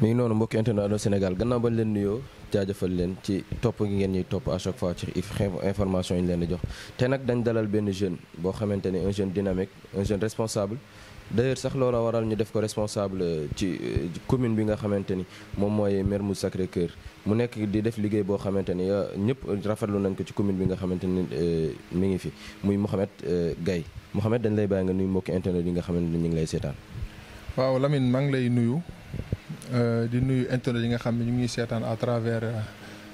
mu ngi noonu mbokki internet du Sénégal gannaaw bañ leen nuyoo jaajëfal leen ci topp gi ngeen ñuy topp à chaque fois ci information yi ñu leen di jox te nag dañ dalal benn jeune boo xamante ni un jeune dynamique un jeune responsable d'ailleurs sax loola waral ñu def ko responsable euh, euh, ci commune bi nga xamante ni moom mooy Mermoz Sacré-Cœur mu nekk di def liggéey boo xamante ni euh, ñëpp rafetlu nañ ko ci commune bi nga xamante ni mi ngi fi muy Mouhamed Gaye Mouhamed dañ lay bàyyi nga nuyu mbokki internet yi nga xamante ni ñu ngi lay seetaan waaw maa ngi lay nuyu Euh, di nuyu internet yi nga xam ne ñu ngi seetaan à travers euh,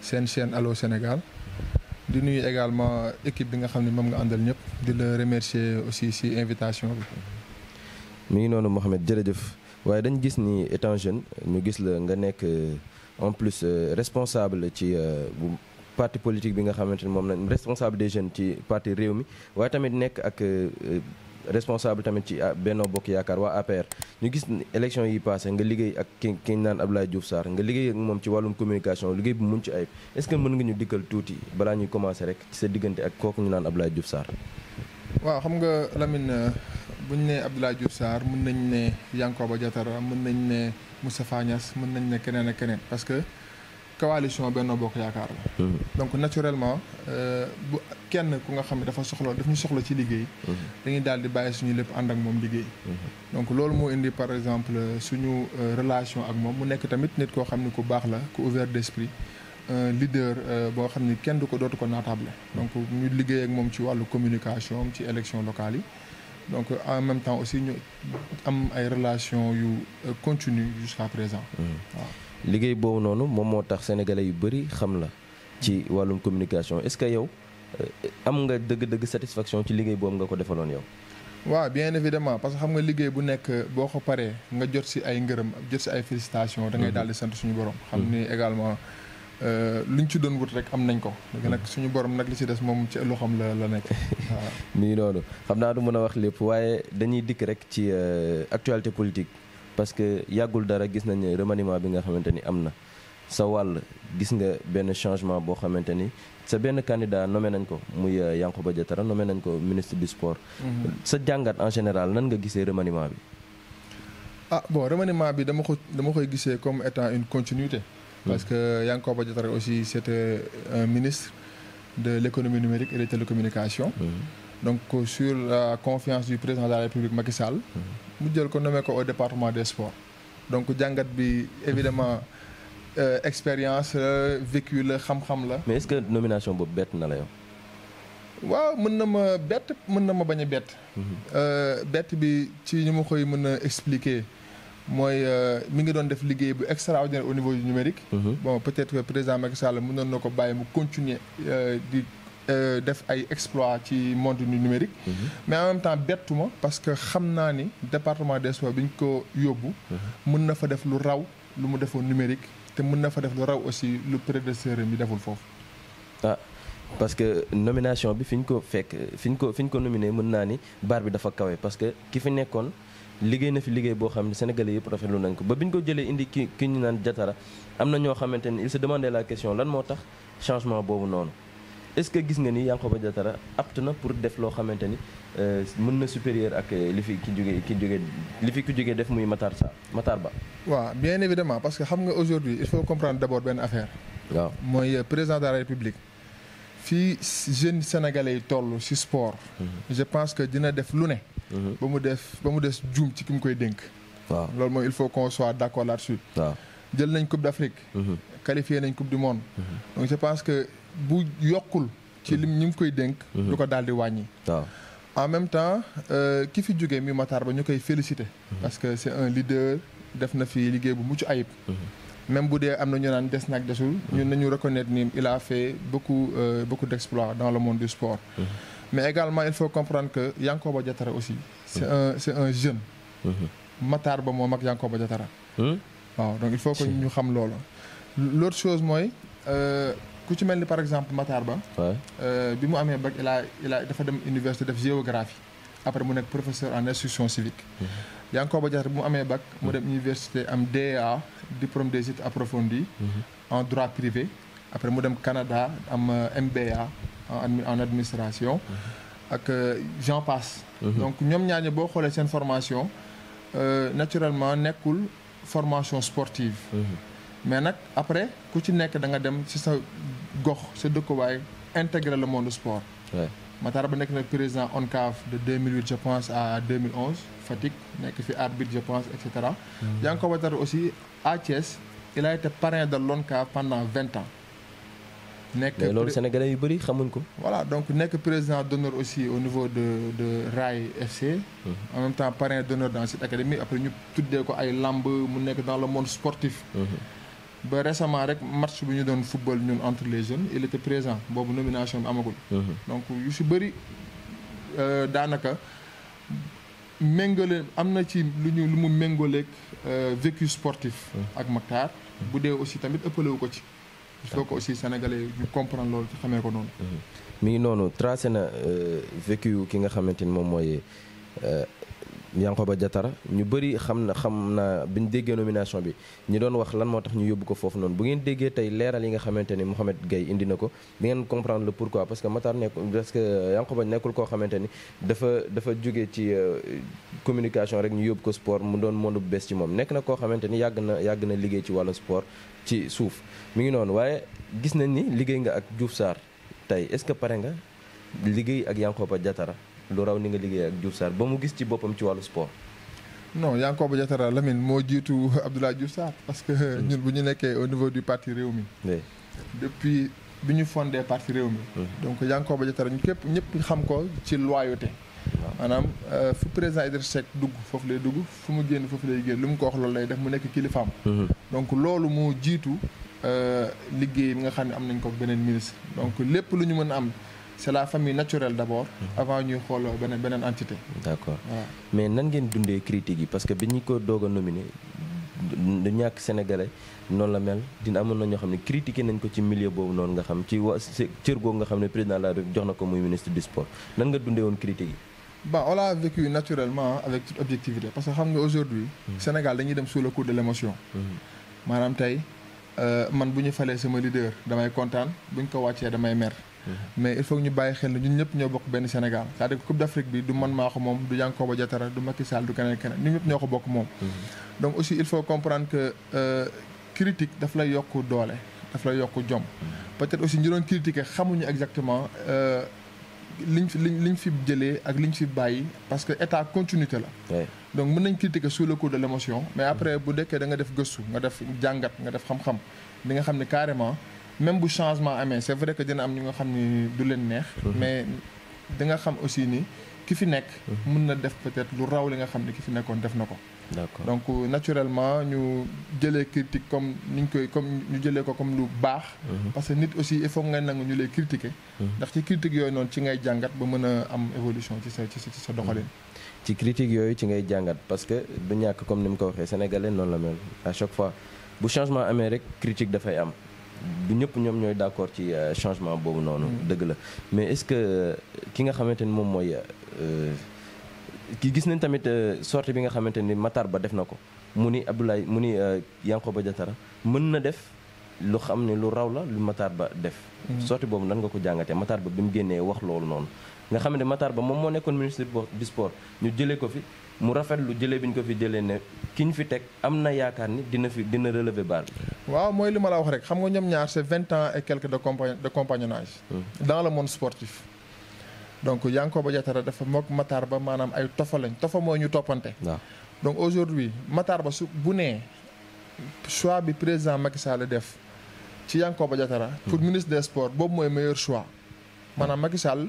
seen chaîne Allô Sénégal di nuyu également équipe bi nga xam ne moom nga àndal ñëpp di la remercier aussi si invitation bi. mi ngi noonu Mouhamed jërëjëf waaye dañ gis ni étant jeune ñu gis la nga nekk euh, en plus responsable ci bu. parti politique bi nga xamante ni moom la responsable des jeunes ci parti réew mi waaye tamit nekk ak responsable tamit ci ah, Benno Bokk Yaakaar waa APR ñu gis élection yi passé nga liggéey ak ki ki naan Abdoulaye Diouf Sarr nga liggéey ak moom ci wàllum communication liggéey bu mucc ayib est-ce que mën nga ñu dikkal tuuti balaa ñuy commencé rek ci sa diggante ak kooku ñu naan Abdoulaye Diouf Sarr. waaw xam nga Lamine euh, bu ñu nee Abdoulaye Diouf Sarr mën nañ ne ba Diatara mën nañ ne Moustapha Niass mën nañ ne keneen a keneen parce que. coalition Benno Bokk Yaakaar la. Mhm. donc naturellement euh, bu kenn ku nga xam ne dafa soxla daf ñu soxla ci liggéey. Mhm. dañuy daal di bàyyi suñu lépp ànd ak moom liggéey. Mhm. donc loolu moo indi par exemple suñu euh, relation ak moom mu nekk tamit nit koo xam ne ku baax la ku ouvert d'esprit. un leader euh, boo xam ni kenn du ko dootu ko naatable donc ñu liggéey ak moom ci wàllu communication ci élection locale yi donc en même temps aussi ñu am ay relations yu continue jusqu'à liggéey boobu noonu moom moo tax sénégalais yu bëri xam la ci wàllum communication est-ce que yow euh, am nga dëgg-dëgg satisfaction ci liggéey boobu nga ko defaloon yow. waaw bien évidemment parce que xam nga liggéey bu nekk boo ko paree nga jot si ay ngërëm jot si ay félicitations. da ngay mhm. daal di sant suñu borom. xam mhm. ni également euh, lu ñu ci doon wut rek am nañ ko. nag mhm. suñu borom nag li ci des moom ci loo xam la la nekk waaw. mi ngi noonu xam naa du mën a wax lépp waaye dañuy dikk rek ci euh, actualité politique. parce que yàggul dara gis nañ ne remaniement bi nga xamante ni am na sa wàll gis nga benn changement boo xamante ni sa benn candidat nommé nañ ko muy euh, Yankhoba Diattara nommé nañ ko ministre du sport. Mm-hmm. sa jàngat en général nan nga gisee remaniement bi. ah bon remaniement bi dama ko dama koy gisee comme étant une continuité. Mm. parce que Yankhoba Diattara aussi c'était un ministre de l'économie numérique et des télécommunications. Mm-hmm. donc sur la confiance du président de la République Macky mm-hmm. mu jël ko nommé ko au département des sports donc jàngat bi évidemment euh, expérience la vécu la xam-xam la. mais est-ce boobu bett na la yow. waaw mën na ma bett mën na ma bañ a bett. Mhm. Euh, bett bi ci ñu ma koy mën a expliquer mooy euh, mi ngi doon def liggéey bu extraordinaire au niveau du numérique. Mhm. bon peut-être que président Macky Sall mënoon na ko bàyyi mu continuer di. Euh, def ay exploit ci monde numérique. Mhm. mais en même temps bettu ma parce que xam naa ni département des sports bi ñu ko yóbbu. Mhm. mën na fa def lu raw lu mu defoon numérique te mën na fa def lu raw aussi lu prédécesseur bi deful foofu. ah parce que nomination bi fi ñu ko fekk fi ñu ko fi ñu ko mën naa ni baar bi dafa kawe parce que ki fi nekkoon. liggéey na fi liggéey boo xam ne sénégalais yëpp rafetlu nañ ko ba bi ñu ko jëlee indi ki ki ñu naan jatara am na ñoo xamante ni il se la question lan moo tax changement boobu noonu est-ce que gis nga ni Yankhoba Diattara apte na pour def loo xamante ni euh, mën na supérieur ak euh, li fi ki jógee ki jógee li fi ki jógee def muy Matar Sa Matar Ba. waaw bien évidemment parce que xam nga aujourd'hui il faut comprendre d'abord benn affaire. waaw mooy euh, président de la République. fii jeunes sénégalais yi toll ci sport. Mhm. je pense que dina def lu ne. Mhm. ba mu des ba mu des juum ci ki mu koy dénk. waaw loolu mooy il faut qu'on soit d'accord là-dessus. waaw jël nañ coupe d'Afrique. Mhm. qualifié nañ coupe bu yokkul ci lim ñi ngi koy dénk mhm. du ko daal di wàññi waaw en même temps euh, ki fi jógee mi Matar Ba ñu koy féliciter mhm. parce que c'est un leader def na fi liggéey bu mucc ayib mhm. même bu dee am na ñu naan des nag desul ñun nañu reconnaître ni il a fait beaucoup euh, beaucoup dans le monde du sport mais également il faut comprendre que Yankoba Diatara aussi c'est mmh. un c'est un jeune Matar Ba moom ak Yankoba Diatara hmm? waaw il faut que ñu xam loolu l'autre chose mooy euh, ku ci mel ni par exemple Matar Ba. Euh, bi mu amee bac il a il dafa dem université def géographie après mu nekk professeur en instruction civique. Mm-hmm. Yankoba Diatta bi mu amee bac mu dem mm-hmm. université am DEA diplôme des études approfondies. Mm-hmm. en droit privé après mu dem Canada am euh, MBA en administration. ak euh, j'en passe. donc ñoom ñaañu boo xoolee seen formation naturellement nekkul formation sportive. mais nag après ku ci nekk da nga dem ci sa gox sa dëkkuwaay intégrer le monde sport. Matar Ba nekk na président on ONCAV de 2008 je pense à 2011 Fatick nekk fi arbitre je pense et cetera. Mm. Yanko Ouattara aussi à Thiès il a été parrain de l'ONCAV pendant vingt ans. nekk loolu sénégalais yu bëri xamuñ ko. voilà donc nekk président d'honneur aussi au niveau de de RAI FC. Mm-hmm. en même temps parrain d'honneur dans cette académie après ñu tuddee ko ay lamb mu nekk dans le monde sportif. Mm-hmm. ba récemment rek match bu ñu doon football ñun entre les jeunes il était présent boobu nomination bi amagul. Mhm. donc yu su bëri euh, daanaka méngale am na ci lu ñu lu mu méngaleeg euh, vécu sportif. Mhm. ak Mactar. Mhm. bu dee aussi tamit ëppalewu ko ci. il faut aussi sénégalais ñu comprendre loolu ci xamee ko noonu. mi ngi noonu tracé na euh, vécu ki nga xamante ni moom mooy Yankoba Diatara ñu bëri xam na xam na bi ñu déggee nomination bi ñu doon wax lan moo tax ñu yóbbu ko foofu noonu bu ngeen déggee tey leeral yi nga xamante ni Mouhamed Gueye indi na ko di ngeen comprendre le pourquoi parce que Matar nekk parce que Yankoba nekkul ko xamante ni dafa dafa jóge ci euh, communication rek ñu yóbbu ko sport mu doon monde bu bees ci moom nekk na koo xamante ni yàgg na na liggéey ci wàllu sport ci suuf mi ngi noonu waaye gis nañ ni liggéey nga ak Diouf Sarr tey est-ce que pare nga liggéey ak Yankoba Diatara lu raw ni nga liggéey ak Diouf Sarr ba mu gis ci boppam ci wàllu sport. non Yankhoba Diattara Lamine moo jiitu Abdoulaye Diouf Sarr parce que mm. bu ñu nekkee au niveau du parti Rewmi depuis bi ñu fondee fondé réew mi mm. donc Yankhoba Diattara ñu képp ñëpp xam ko ci loyauté maanaam euh, fu président Idrissa Seck dugg foofu lay dugg fu mu génn foofu lay génn lu mu ko wax loolu lay def mu nekk kilifaam mm-hmm. donc loolu moo jiitu euh, liggéey bi nga xam ne am nañ ko beneen ministre don lépp lu ñu mën a am c'est la famille naturelle d'abord. Mhm. avant ñuy xool beneen beneen entité. d'accord voilà. mais nan ngeen dundee critiques yi parce que bi ñu ko doog a nominé du ñàkk sénégalais noonu la mel dina amoon na ñoo xam ne critiqué nañ ko ci milieu boobu noonu nga xam ci wa cër googu nga xam ne président de la jox na ko muy ministre du sport nan nga dundee woon critiques yi. bah on l'a vécu naturellement avec toute objectivité parce que xam nga aujourd'hui mhm. Sénégal dañuy dem sous le coup de l'émotion. Mhm. tey euh, man bu ñu falee sama leader damay kontaan bu ñu ko wàccee damay mer. mais il faut ñu bàyyi xel ñun ñëpp ñoo bokk benn Sénégal c'est-à-dire coupe d'Afrique bi du man maa ko moom du Yankoba Diattara du Macky Sall du keneen keneen ñun ñëpp mhm. aussi il faut comprendre que euh, critique daf lay yokk doole daf lay yokk jom mhm. peut-être aussi ñu doon critiquer xamuñu exactement euh, liñ fi liñ liñ fi jëlee ak liñ fi bàyyi parce que état continuité la donc mën nañ critiquer sous le coup de mais après mhm. bu dekkee da nga def gëstu nga def jàngat nga def xam-xam li nga xam ne carrément même bu changement amee c'est vrai que dina am ñu nga xam ni du leen neex. Mhm. mais da nga xam aussi ni ki fi nekk. mën mhm. na def peut-être lu raw li nga xam ne ki fi nekkoon def na ko. d'accord donc euh, naturellement ñu jëlee critique comme ni ñu koy comme ñu jëlee ko comme lu baax. Mhm. parce que nit aussi il faut nga nangu ñu lay critiquer. ndax ci critique yooyu noonu ci ngay jàngat ba mën a am évolution ci sa ci sa doxalin. ci critique yooyu ci ngay jàngat parce que du ñàkk comme ni mu ko waxee sénégalais noonu la mel chaque fois bu changement amee rek critique dafay am. du ñëpp ñoom ñooy d'accord ci euh, changement boobu noonu. Mm. dëgg la mais est-ce que euh, ki nga xamante ni moom mooy euh, ki gis nañ tamit sortie bi nga xamante ni Matar Ba def na ko mu ni Abdoulaye mu ni Yankhoba Diattara mën na def. lu xam ne lu raw la lu Matar Ba def. Mm. sorti boobu nan nga ko jàngatee Matar Ba bi mu génnee wax loolu noonu. nga xam ne Matar Ba moom moo nekkoon ministre du sport ñu jëlee ko fi mu rafet lu jëlee bi ñu ko fi jëlee ne ki ñu fi teg am na yaakaar ni dina fi dina relever baar bi. waaw mooy li ma la wax rek xam nga ñoom ñaar c'est vingt ans et quelques de compagn de compagnonnage. Mm. dans le monde sportif. donc Yankoba Diattara dafa moog Matar Ba maanaam ay tofa lañ tofa mooy ñu toppante. donc aujourd'hui Matar Ba su bu nee choix bi président Macky Sall def. ci ba Diatara pour hmm. ministre des sports boobu mooy meilleur choix maanaam Macky Sall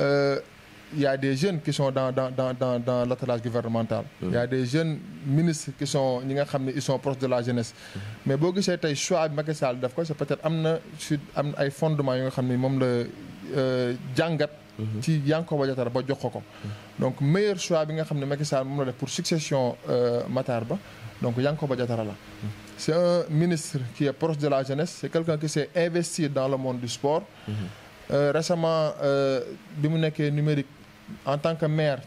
euh, des jeunes qui sont dans dans dans dans dans l'attelage gouvernemental hmm. a des jeunes ministres qui sont ñi nga xam ne ils sont proches de la jeunesse hmm. mais boo gisee tey choix bi Macky ko c'est peut-être am na su am na ay fondements yu nga xam ni moom la euh, jàngat Mhm. ci Yankoba Diattara ba jox ko ko. Mhm. donc meilleur choix bi nga xam ne Macky Sall moom la def pour succession euh, Matar Ba donc Yankoba Diattara la. Mhm. c' est un ministre qui est proche de la jeunesse c' est quelqu'un qui s'est investi dans le monde du sport. Euh, récemment euh, bi mu nekkee numérique en tant que maire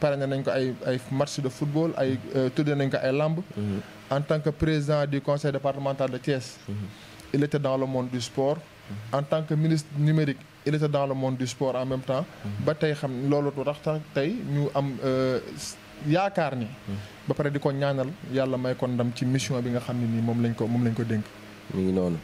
parrainé nañ ko ay ay match de football ay tudde nañ ko ay lamb. en tant que président du conseil départemental de Thiès. il était dans le monde du sport. en tant que ministre numérique il était dans le monde du sport en même temps ba tey xam loolu tax tax tey ñu am euh, yaakaar ni ba pare di ko ñaanal yàlla may kon ndam ci mission bi nga xam ne nii moom lañ ko moom lañ ko dénk mi ngi noonu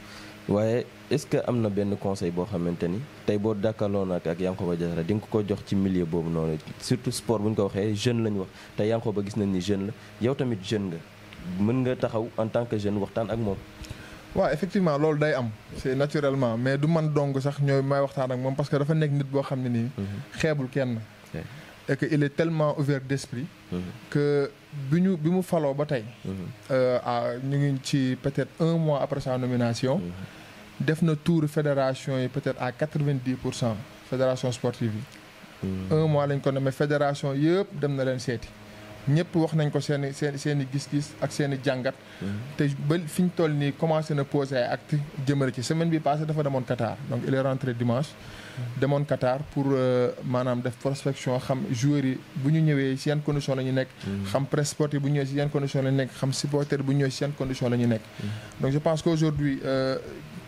waaye est-ce que am na benn conseil boo xamante ni tey boo dakkaloo nag ak Yankoba Diattara di nga ko jox ci milieu boobu noonu surtout sport buñ ko waxee jeune lañu wax te ba gis nañ ni jeune la yow tamit jeune nga mën nga taxaw en tant que jeune waxtaan ak moom waaw effectivement loolu day am c'est naturellement mais du man dong sax ñooy may waxtaan ak moom parce que dafa nekk nit boo xam ne nii mhm. xeebul kenn et que il est tellement ouvert d'esprit mhm. que bi ñu bi mu faloo ba tey ah ñu ngi ci peut-être un mois après sa nomination def na tour fédération yi peut-être à quatre-vingt-dix pour cent fédération sportive yi un mois lañ ko mais fédération yëpp dem na leen seeti ñëpp wax nañ ko seen i gis-gis ak seen i jàngat. Mm-hmm. te ba fi ñu toll nii commencé na posé ay acte jëmale ci semaine bi passé dafa demoon Qatar donc il est rentré dimanche. Mm-hmm. demoon Qatar pour euh, maanaam def prospection xam joueurs yi bu ñu ñëwee si yan condition la ñu nekk. Mm-hmm. xam presse sportive bu ñu ñëwee si yan condition la ñu nekk xam supporter bu ñu ñëwee si la ñu nekk. donc je pense qu'aujourd'hui euh,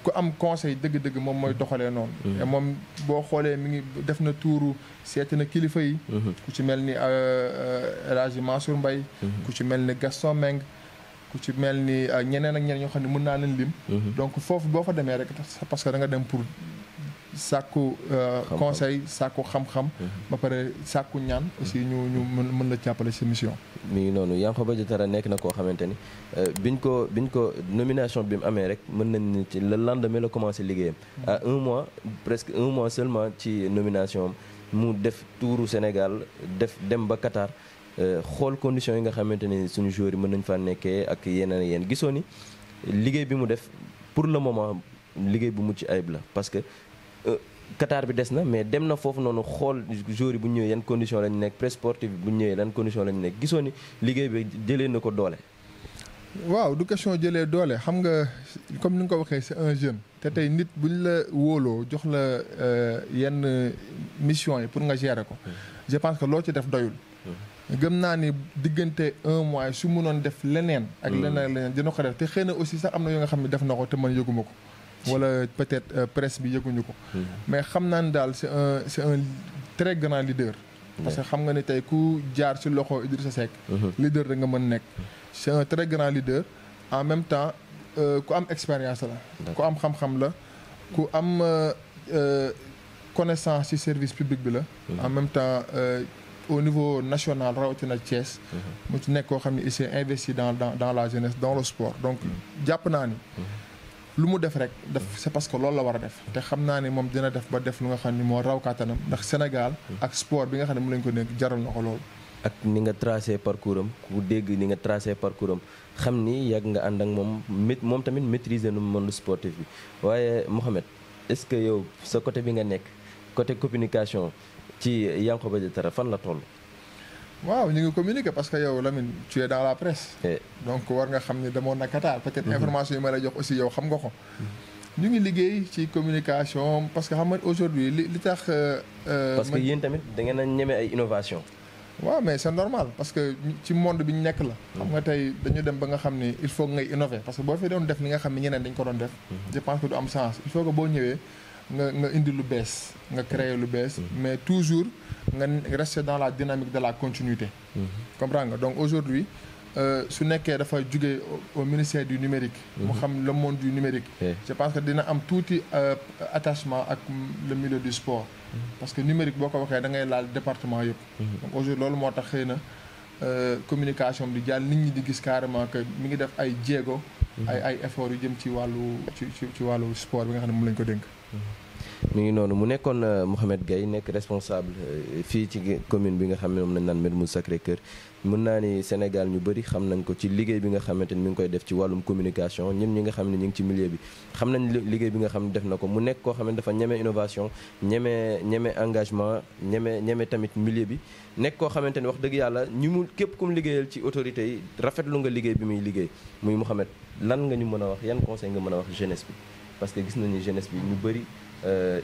ku am conseil dëgg-dëgg moom mooy doxalee noonu. Mm-hmm. te moom boo xoolee mi ngi def na tuuru seeti na kilifa yi. Mm-hmm. ku ci mel ni euh, euh, El Hadj mbay mm-hmm. ku ci mel ni Gaston Meng. ku ci mel ni euh, ñeneen ak ñeneen ñoo xam ne mën naa leen lim. donc foofu boo fa demee rek parce que da nga dem pour. sàkku euh, conseil sàkku xam-xam mhm. ba pare sàkku ñaan aussi ñu ñu mën mën la jàppale si mission mi ngi noonu Yankhoba a nekk na koo xamante ni euh, biñ ko biñ ko nomination bi mu amee rek mën nañ ni ci le lendemain a commencé liggéeyam mhm. à un mois presque un mois seulement ci nomination mu def tuuru Sénégal def dem ba Qatar euh, xool conditions yi nga xamante ni suñu joueurs yi mën nañ faa nekkee ak yeneen yéen gisoo ni liggéey bi mu def pour le moment liggéey bu mucc ayib que Euh, Qatar bi des na mais dem na foofu noonu xool jour bu ñu ñëwee yan condition lañu nekk presse sportive bu ñëwee yan condition lañu nekk gisoo ni liggéey bi jëlee na ko doole. waaw du question jëlee doole xam nga comme ni nga ko waxee c'est un jeune. te tey nit bu ñu la wóoloo jox la euh, yenn mission yi pour nga gérer ko. je pense que loo ci def doyul. gëm naa ni diggante un mois su mënoon def leneen. ak hmm. leneen leneen dina ko def te xëy na aussi sax am na yoo nga xam ne def na ko te man yëguma ko. wala peut-être euh, presse bi yëguñu ko. Hmm. mais xam naa ne daal c'est un très grand leader. Hmm. parce que xam nga ne tey ku jaar si loxo Idrissa Seck. Hmm. leader da nga mën nekk. c'est un très grand leader en même temps euh, ku am expérience la. ku am xam-xam la ku am euh, connaissance ci service public bi la. en même temps. au niveau national rawatina Thiès. mu ci nekk koo xam ne il s'est investi dans dans dans la jeunesse dans le sport donc jàpp naa ni. lu mu def rek def c'est parce que loolu la war a def te xam naa ni moom dina def ba def lu nga xam ni moo raw kàttanam ndax Sénégal ak sport bi nga xam ne mu lañ ko nekk jaral na ak ni nga tracé parcours am ku dégg ni nga tracé parcours am xam ni yàgg nga ànd ak moom moom tamit maîtriser nu monde sportif bi waaye Mouhamed est-ce que yow sa côté bi nga nekk côté communication ci Yankhoba Diattara fan la toll waaw ñu ngi communiquer parce que yow Lamine tu dans la presse. Eh. donc war nga xam ne demoon na Qatar. peut-être mm-hmm. information yi ma lay jox aussi yow xam nga ko. Mm-hmm. ñu ngi liggéey ci communication parce que xam nga aujourd'hui li li tax. Euh, euh, parce que yéen tamit da ngeen a ñeme ay innovation waaw mais c'est normal parce que ci monde bi ñu nekk la. xam nga tey dañu dem ba nga xam ni il faut ngay innover parce que boo fi doon def li nga xam ni ñeneen dañ ko doon def. Mm-hmm. je pense que du boo ñëwee. nga nga indi lu bees nga créer lu bees mm-hmm. mais toujours nga rester dans la dynamique de la continuité mm-hmm. comprends nga donc aujourd'hui euh, su nekkee dafa jóge au ministère du numérique mu mm-hmm. xam le monde du numérique je pense que dina am tuuti euh, attachement ak le milieu du sport parce que numérique boo ko waxee da ngay laal département yëpp donc aujourd'hui loolu moo tax xëy na euh, communication bi di nit ñi di gis carrément que mi ngi def ay jéego ay ay effort yu jëm ci wàllu ci ci wàllu sport bi nga xam ne moom lañ ko dénk mu ngi noonu mu nekkoon euh, Mouhamed gay nekk responsable euh, fii ci commune bi nga xam ne moom lañ naan Mermoz Sacré-Cœur mën naa ni Sénégal ñu bari xam nañ ko ci liggéey bi nga xamante ni mi ngi koy def ci wàllum communication ñun ñi nga xam ne ñu ngi ci milieu bi xam nañ liggéey bi nga xam ne def na ko mu nekk koo xam ne dafa ñeme innovation ñeme ñeme engagement ñeme ñeme tamit milieu bi nekk koo xamante ni wax dëgg yàlla ñu mu képp kum liggéeyal ci autorité yi rafetlu nga liggéey bi muy liggéey muy Mouhamed lan nga ñu mën a wax yan conseil nga mën a wax jeunesse bi parce que gis nañu jeunesse bi ñu bëri euh,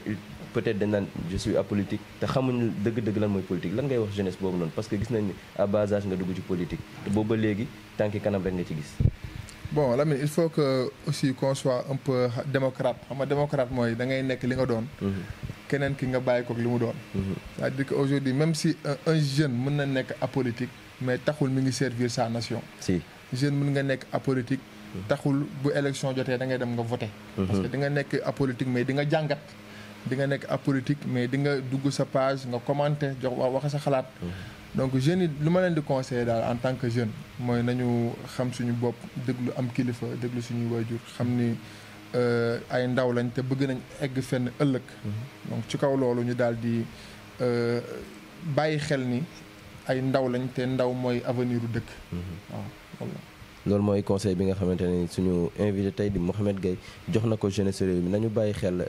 peut-être dañ naan je suis politique te xamuñu dëgg-dëgg lan mooy politique lan ngay wax jeunesse boobu noonu parce que gis nañ ni à bas âge nga dugg ci politique te booba léegi tànki kanam rek nga ci gis bon Lamine il faut que aussi qu'on soit un peu démocrate xam nga démocrate mooy da ngay nekk li nga doon mhm. keneen ki nga bàyyi ko li mu doon mhm. c'est-à-dire que même si un jeune mën na nekk a politique mais taxul mi ngi servir sa nation si jeune mun nga nekk apolitique hmm. taxul bu élection jotee da ngay dem nga voté hmm. parce que di nga nekk apolitique mais di nga jàngat di nga nekk apolitique mais di nga dugg sa page nga commenté jox wax sa xalaat hmm. donc jeunes yi lu ma leen di conseillé daal en tant que jeune mooy nañu xam suñu bopp déglu am kilifa déglu suñuy waajur xam ni euh, ay ndaw lañ te bëgg nañ egg fenn ëllëg donc ci kaw loolu ñu daal di euh, bàyyi xel ni ay ndaw lañ te ndaw mooy avenir u dëkk loolu mooy conseil bi nga xamante ne suñu invité tey di Mouhamed Gueye jox na ko jeunesse réew mi nañu bàyyi xel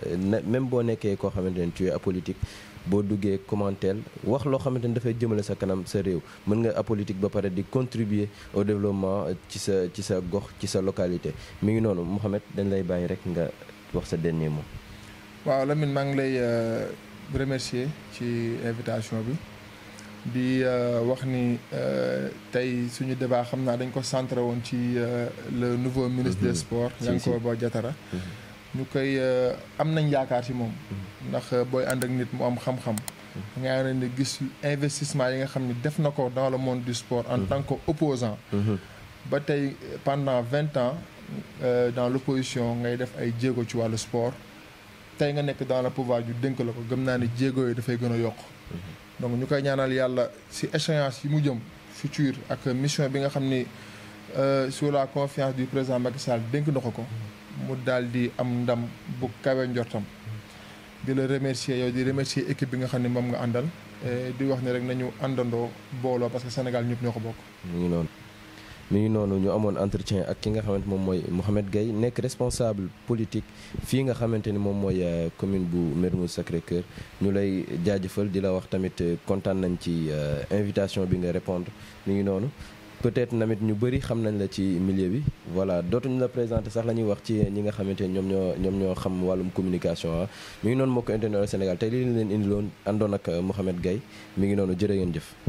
même boo nekkee koo xamante ne tu es apolitique boo duggee commentaire wax loo xamante ne dafay jëmale sa kanam sa réew mën nga apolitique ba pare di contribuer au développement ci sa ci sa gox ci sa localité mi ngi noonu Mouhamed dañ lay bàyyi rek nga wax sa dernier moom waaw Lamine maa ngi lay euh, remercier ci invitation bi. di euh, wax ni euh, tey suñu débat xam naa dañ ko centré woon ci euh, le nouveau ministre des mhm. sports boo Diattara mhm. ñu koy am nañ yaakaar ci moom mhm. ndax booy ànd ak nit mu am xam-xam nga ne ni gis investissement yi nga xam ni def na ko dans le monde du sport en tant que opposant ba tey pendant vingt ans dans l'opposition ngay def ay jéego ci wàllu sport tey nga nekk dans le pouvoir ju dénk la ko gëm naa ni jéego yi dafay gën a yokk donc ñu koy ñaanal yàlla si échéance yi mu jëm futur ak mission bi nga xam ni euh, sur la confiance du président Macky Sall dénk na ko ko mu dal di am ndam bu kawe njortam di la remercier yow di remercier équipe bi nga xam ne moom nga àndal di wax ne rek nañu àndandoo booloo parce que Sénégal ñëpp ñoo ko bokk. mi ngi noonu ñu amoon entretien ak ki nga xamante moom mooy Mouhamed gay nekk responsable politique fii nga xamante ni moom mooy euh, commune bu Mermoz Sacré-Cœur ñu lay jaajëfal di la wax tamit euh, kontaan nañ ci euh, invitation bi nga répondre mi ngi noonu peut-être tamit ñu bari xam nañ la ci milieu bi voilà dootuñu la présenter sax la ñuy wax ci ñi nga xamante ñoom ñoo ñoom ñoo xam wàllum communication ah mi ngi noonu moo ko internet Sénégal tey li leen indi loon àndoon ak Mouhamed mi ngi noonu jërë ngeen jëf